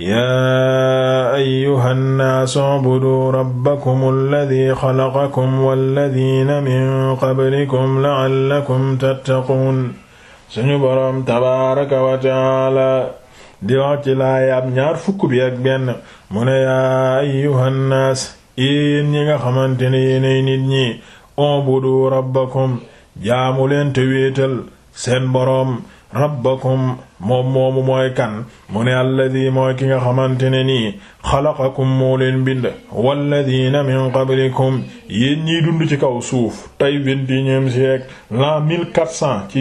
yaa ayyuha nnaasu u'buduu rabbakum alladii xalaqakum walladiina min qablikum la'allakum tattaquun suñu boroom tabaaraka wa ta'aala di wax ci laayaab ñaar fukk bi ak benn mu ne yaa ayyuha nnaas yéen ñi nga xamante ne yéenay nit ñi u'buduu rabbakum jaamu leen te wéetal seen boroom rabbakum moom moomu mooy kan mu ne alladi mooy ki nga xamante ne nii xalaqakum moo leen bind walladina min qablikum yéen ñiy dund ci kaw suuf tey vingt-et-unième siècle l'an mille quatre cent ci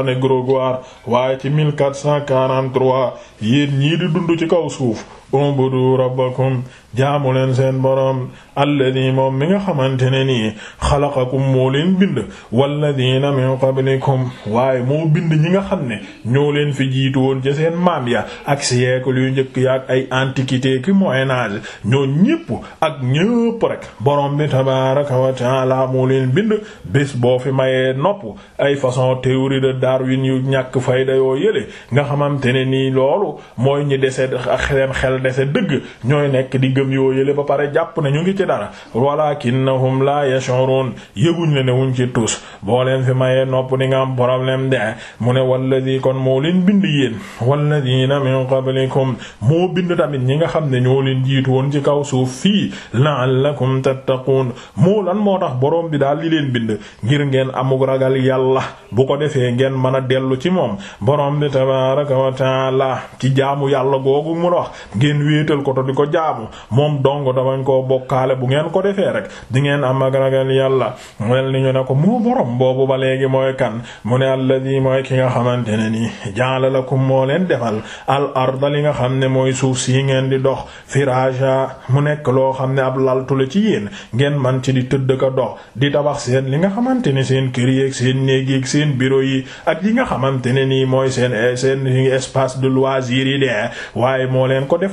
année grégoire waaye ci mille quatre cent quarante-trois yéen ñii di dund ci kaw suuf umbudu rabbakum jaamu leen seen boroom alladi moom mi nga xamante ne nii xalaqakum moo leen bind walladina min qablikum waaye moo bind ñi nga xam ne ñoo leen fi jiitu woon ca seen maam ya ak siècle yu njëkk ya ak ay antiquité ki moyen âge ñoo ñépp ak ñépp rek boroom bi tabaraka wa taala moo leen bind bis boo fi mayee nopp ay façon théorie de Darwin yu ñàkk fayda yoo yële nga xamante ne nii loolu mooy ñi desee xel xel dese dëgg ñooy nekk di gëm yoo yële ba pare jàpp ne ñu ngi ci dara walakinnahum la yash'urun yëguñ ne ne wuñ ci tus boo leen fi mayee nopp di nga am problème de mu ne walladi kon moo leen bind yéen walladina moo bind tamit ñi nga xam ne ñoo leen jiitu woon ci kaw suuf fii la'allakum tattaqun moo lan moo tax boroom bi daal li leen bind ngir ngeen amug ragal yàlla bu ko defee ngeen mën a dellu ci moom borom bi tabaaraka wa ci jaamu yàlla googu mu wax ngeen wéetal ko to di ko jaamu moom dong te bañ koo bokkaale bu ngeen ko defee rek di ngeen am ak ragal yàlla wel ni ñu ko moo borom boobu ba léegi mooy kan mu ne alladi mooy ki nga xamante ne nii la lakum moo leen defal al arda li nga xam ne mooy suuf si ngeen di dox firaaja mu nekk loo xam ne ab laltule ci yéen ngeen man ci di tëdd ko dox di tabax seen li nga xamante ne seen kër yi ak seen néeg yi ak seen bureau yi ak yi nga xamante ne nii mooy seen seen espace de loisir yi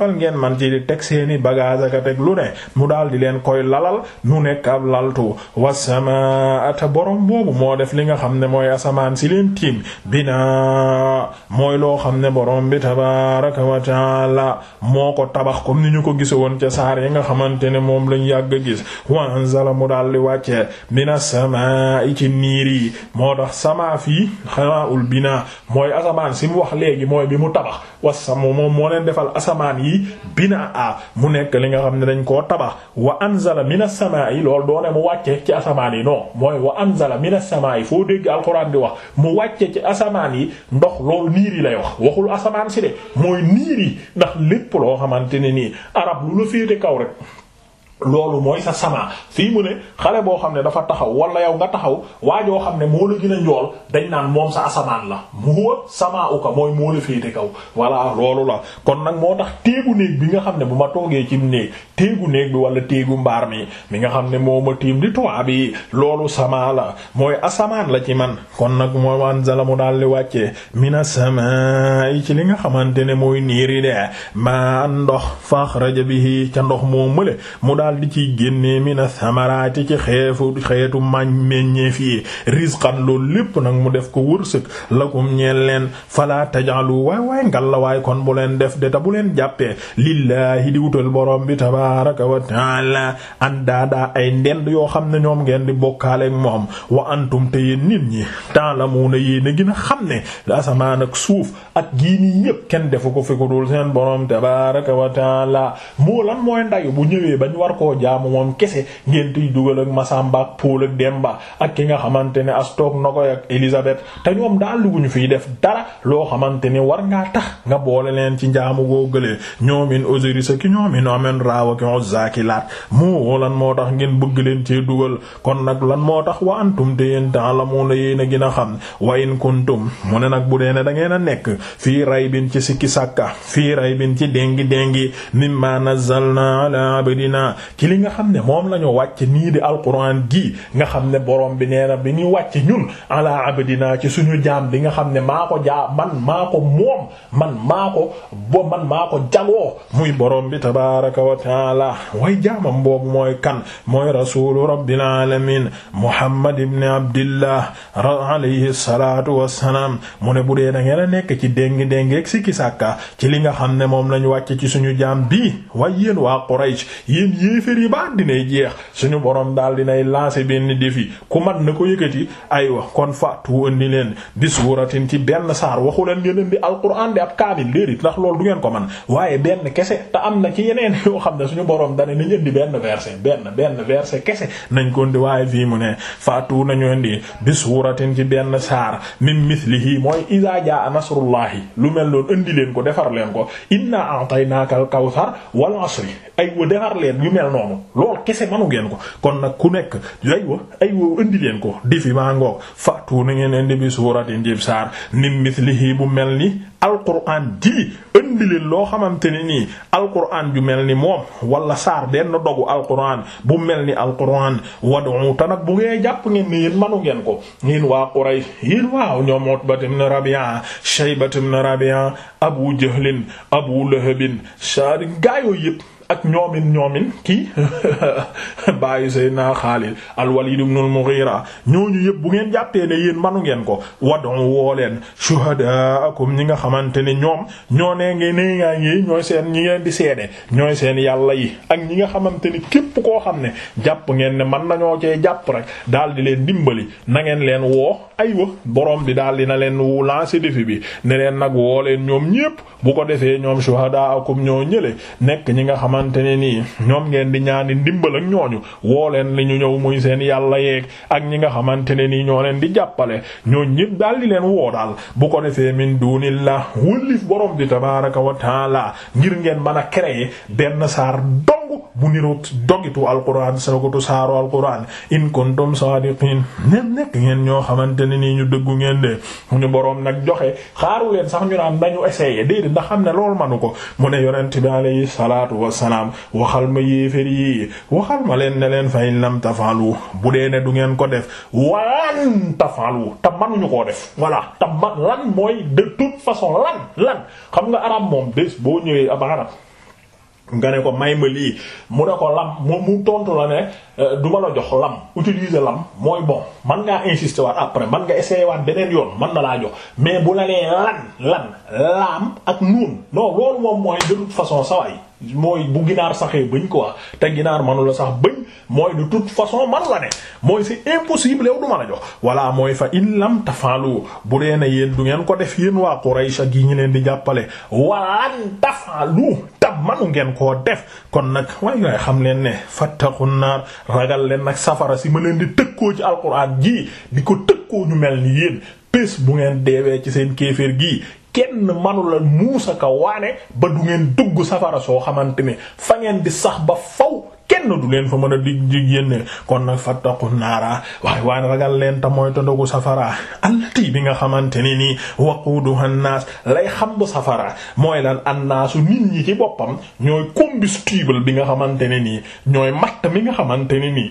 fan ngeen man ci di teg seeni bagage aka teg lu ne mu daal di leen koy lalal nu nekk ab laltu wasama ata borom boobu moo def li nga xam ne mooy asamaan si leen tiim bina mooy loo xam ne borom bi tabaraka wa taala moo ko tabax kom ni ñu ko gisa woon ca saar yi nga xamante ne moom lañ yàgg a gis mu daal di wàccee mina sama i ci niir yi moo tax sama fii xamaa ul bina mooy asamaan si mu wax léegi mooy bi mu tabax wasam moom moo leen defal asamaan yi yi bina a mu nekk li nga xam ne dañ koo tabax wa anzala minas samaa'i loolu doone mu wàcce ci asamaan yi non mooy wa anzala minas samaa'i foo dégg alxuraan di wax mu wàcce ci asamaan yi ndox loolu niir yi lay wax waxul asamaan si de mooy niir yi ndax lépp loo xamante ne nii arab lu la féete kaw rek loolu mooy sa sama fii mu ne xale boo xam ne dafa taxaw wala yow nga taxaw waa joo xam ne moo la gën a njool dañ naan moom sa asamaan la muwa sama uka mooy moo la féete kaw voilà loolu la kon nag moo tax téegu bi nga xam ne bu ma toogee ci néeg téegu néeg wala téegu mbaar mi mi nga xam ne moo ma tiim di bi loolu sama la mooy asamaan la ci man kon nag moo anzala mu daal di wàccee mina sama yi ci li nga xamante ne mooy niiri de ma ndox fa xaraja bihi ca ndox moo mële daal di ciy génnee mina samaraati ci xeefu xeetu mañ meññeef yi rizqan loolu lépp nag mu def ko wërsëg lakum ñeel leen fala tajalu waay waay ngal la waay kon bu leen def de ta bu leen jàppee lillaahi di wutal borom bi tabaraka wa taala andaadaa ay ndend yoo xam ne ñoom ngeen di bokkaaleek moom wa antum te nit ñi ta'lamuna yéen a gën a xam ne asamaan ak suuf ak gii nii yépp kenn defu ko fi ko dul seen borom tabaraka wa taala moo lan mooy ndayu bu nar koo jaamu moom kese ngeen tuy dugal ak Masamba ak Paul ak Demba ak ki nga xamante ne Astok Nogoy ak Elisabeth te ñoom daal lu ñu fiy def dara loo xamante ni war ngaa tax nga boole leen ci njaamu goo gëlee ñoomin Osiris ki ñoomin Amen Ra ak Uzza ki Laat moo lan moo tax ngeen bëgg leen ci dugal kon nag lan moo tax wa antum te yéen ta'lamuna yéen a gën a xam wa in kuntum mu ne nag bu dee ne da a nekk fii raybin ci sikki sàkka fii ci li nga xam ne moom la ñu wàcc nii di alquran gi nga xam ne boroom bi nee na bi ñu wàcc ñun ala abadina ci suñu jaam bi nga xam ne maa ko jaa man maa moom maa ko bo man ko jagoo muy borom bi tabaraka wa taala way jaamam boobu mooy kan mooy rasulu rabbil alamin muhammad ibn abdillah alayhi salatu wassalaam mu ne bu dee da ngeen nekk ci déngi déngi ci li nga xam ne moom lañu wàcc ci suñu jaam bi way yéen waa Quraysh yéen yéeféer yi ba dinay jeex suñu borom daal dinay lancer benn défi ku mat na ko yëkkati aywa kon faatu andi leen bi suuratin ci benn saar waxu leen ngeen indi alquran di ab kaamil déedéet ndax loolu du ngeen ko man waaye benn kese am na ci yeneen yoo xam ne suñu borom dane nañ indi benn verset benn benn verset kese nañ ko indi waaye fii mu ne faatu nañu indi bi suuratin ci benn saar min mislihi mooy iza jaa nasrullahi lu mel noonu indi leen ko defar leen ko inna a'taynaka al kawsar wal asri ay defar leen mel noonu loolu kese manu ngeen ko kon nag ku nekk aywa aywa indi ko difi maa ngoog fàttu na ngeen indi bi suuratin jib saar nim mislihi bu mel ni alquran ji indi leen loo xamante ne nii alquran ju mel ni moom wala saar benn dogu alquran bu mel ni alquran wad'u ta nag bu ngee jàpp ngeen ni yéen manu ngeen ko yéen waa Quraysh yéen waaw ñoom Utbat ibn Rabi'a Shaybat ibn Rabi'a Abu Jahlin Abu Lahabin sar gaayoo yépp ak ñoomin ñoomin kii bàyyi Seydina Xaalid al-Walid ibn al-Mughira ñooñu yëpp bu ngeen jàppee ne yéen manu ngeen ko wad'u woo leen shuhadaakum ñi nga xamante ne ñoom ñoo nee nge nee ngaa ngi ñooy seen ñi ngeen di seede ñooy seen yàlla yi ak ñi nga xamante ni képp koo xam ne jàpp ngeen ne man nañoo cee jàpp rek daal di leen dimbali na ngeen leen woo aywa borom bi daal di na leen wu lancer défi bi ne leen nag woo leen ñoom ñépp bu ko defee ñoom shuhadaakum xamante ne nii ñoom ngeen di ñaani ndimbal ak ñooñu woo leen li ñu ñëw muy seen yàlla yeeg ak ñi nga xamante ne nii ñoo leen di jàppale ñoo ñëpp daal di leen woo daal bu ko defee min dunillah wëllif borom bi tabaaraka wa taala ngir ngeen mën a créer benn saar bu niroog dogitu alquran sagotu saaro alquran in kuntum sadiqin ñeen nekk ngeen ñoo xamante ne nii ñu dëggu ngeen de ñu boroom nag joxe xaaru leen sax ñu naan dañu essayé déedéet ndax xam ne loolu manu ko mu ne yonent bi alayhi salaatu wassalaam waxal ma yéefér yi waxal ma leen ne leen fa in lam bu dee ne du ngeen ko def walan tafalu te manuñu koo def voilà te man lan mooy de toute façon lan lan xam nga arab moom bés boo ñëwee ab arab nga ne ko may ma lii mu ne ko lam moom mu tontu la ne euh, du ma la jox lam utiliser lam mooy bon man ngaa insister waat après man nga essayer waat beneen yoon man na laa jox mais bu la nee lan lan laam ak nuun non loolu moom mooy de toute façon sawaay mooy bu ginaar saxee bëñ quoi te ginaar manu la sax bëñ mooy de toute façon manu la ne mooy si impossible yow du mën a jox voilà mooy fa in lam bu dee ne yéen du ngeen ko def yéen waa Quraysh gi ñu leen di jàppale walan tafalu tab manu ngeen koo def kon nag waaye waaye xam leen ne fattaqun naar ragal leen nag safara si ma leen di tëkkoo ci alquran ji di ko tëkkoo ñu mel ni yéen bés bu ngeen deewee ci seen kéeféer gii kenn manula muusa ka waane ba du ngeen dugg safara soo xamante ne fa ngeen di sax ba faw kenn du leen fa mën a dig dig yénne kon nag fa fattaqu naara waaye waaye ragal leen te mooy tondogu safara allati bi nga xamante ne nii waquduha naas lay xam bu safara mooy lan annaasu nit ñi ci boppam ñooy combustible bi nga xamante ne nii ñooy matt mi nga xamante nii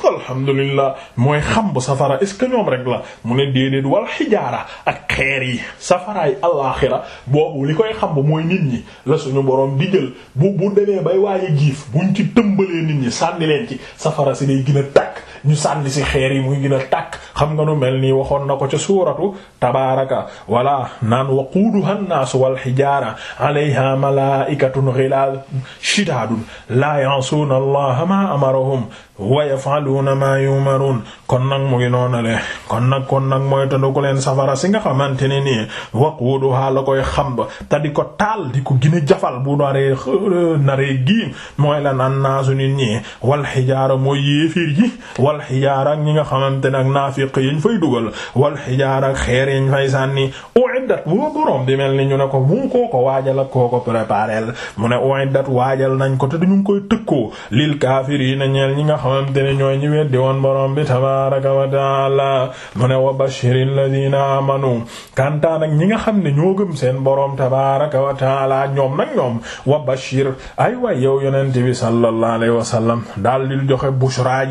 ko alhamdulillah mooy xam bu safara est ce que ñoom rek la mu ne déedéet wal xijaara ak xeer yi safaraay alaaxira boobu li koy xam mooy nit ñi la suñu borom di jël bu bu demee bay waay waaye giif buñ ci tëmbalee nit ñi sànni leen ci safara si day gën a tàkk ñu sànni si xeer yi muy gën a xam nga nu mel ni waxoon na ko ca suuratu tabaaraka wala naan waquuduha an-naas wal hijaara alayha malaa'ikatun ghilaaz shidaadun laa yansuuna allaha maa amarahum wa yaf'aluuna maa yu'maruun kon nag mu ngi noonale nag kon nag mooy tëndu ko leen safara si nga xamante ne nii waquuduha la koy xam ba te di ko taal di ko gën a wal xijaara ñi nga xamante ne ak naafiq yiñ fay dugal wal xijaara ak xeer yiñ fay sànni uiddat boo boroom di mel ni ñu ne ko mu koo ko waajal ko ko préparel mu ne uiddat waajal nañ ko te duñu ngi koy tëkkoo lil kaafiriina ñeel ñi nga xamante ne ñooy ñi weddi woon boroom bi tabaaraka wa taala mu ne wa bashiril ladina amanu kantaa nag ñi nga xam ne ñoo gëm seen boroom tabaaraka wa taala ñoom nag alayhi wa daal di joxe bushra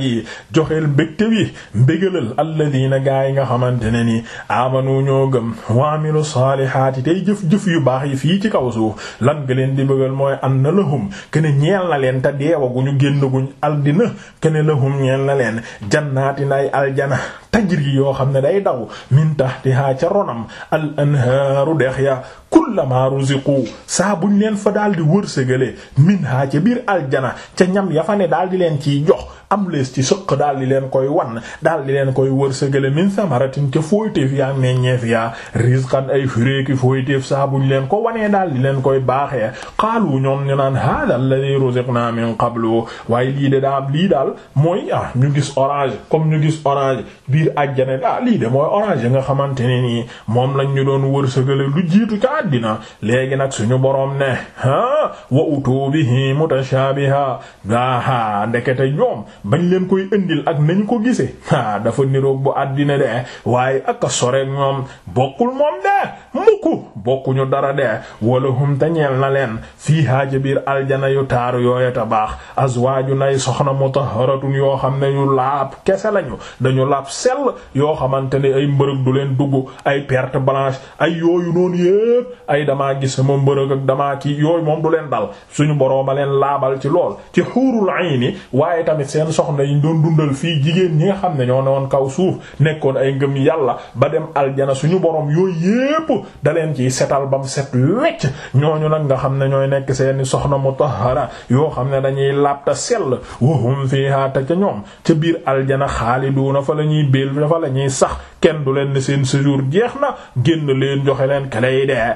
joxeel mbégte wi mbégalal alladina gaa yi nga xamante ne ni amanu ñoo gëm wa amilu saalihaati tey jëf-jëf yu baax yi fii ci kaw suuf lan nga leen di bëggal mooy an na lahum kene ñeel na leen te deewaguñu génnaguñ aldina kene lahum ñeel na leen jannaati nay aljana tajri yoo xam ne day daw min tahtiha ca ronam al anhaaru dex ya kullama ruziqu saa buñ leen fa daal di wërsëgalee minha ca biir aljana ca ñam ya fa ne daal di leen ci jox am lees ci sëq daal di leen koy wan daal di leen koy wërsëgale min samaratin ca fooyteef yaa meññeef yaa rizqan ay fureeki fooyteef saa buñ leen ko wanee daal di leen koy baaxee xaalu ñoom ñu naan hada alladhi ruziqna min qablu waaye lii de daa lii daal mooy ah ñu gis orange comme ñu gis orange biir aljana ah lii de mooy orange nga xamante nii moom lañ doon àddina léegi nag suñu boroom ne ah wa utubihi mutashabiha aa ndekete ñoom bañ leen koy indil ak nañu ko gisee ah dafa niroog bu àddina de waaye ak a soreek ñoom bokkul moom de mukku bokkuñu dara de walahum te ñeel na leen fii haaja biir aljana yu taaru yooye ta baax azwaaju nay soxna mutahharatun yoo xam ne ñu laab kese lañu dañu laab sell yoo xamante ne ay mbërëg du leen dugg ay perte blanche ay yooyu noonu yépp ay damaa gis sama mbërëg ak damaa kii yooyu moom du leen dal suñu borooma leen laabal ci lool ci xuurul ni waaye tamit seen soxna yi dundal fii jigéen ñi nga xam ne ñoo newoon kaw suuf nekkoon ay ngëm yàlla ba dem aljana suñu boroom yooyu yépp da leen ciy setal bam set wecc ñooñu nag nga xam ne ñooy nekk seeni soxna mutahhara yoo xam ne dañuy labta sell wa hum fiha ca ñoom ca biir aljana na fa la ñuy béel fa la ñuy sax kenn du leen ne seen séjour jeex na génn leen joxe leen kale yi dee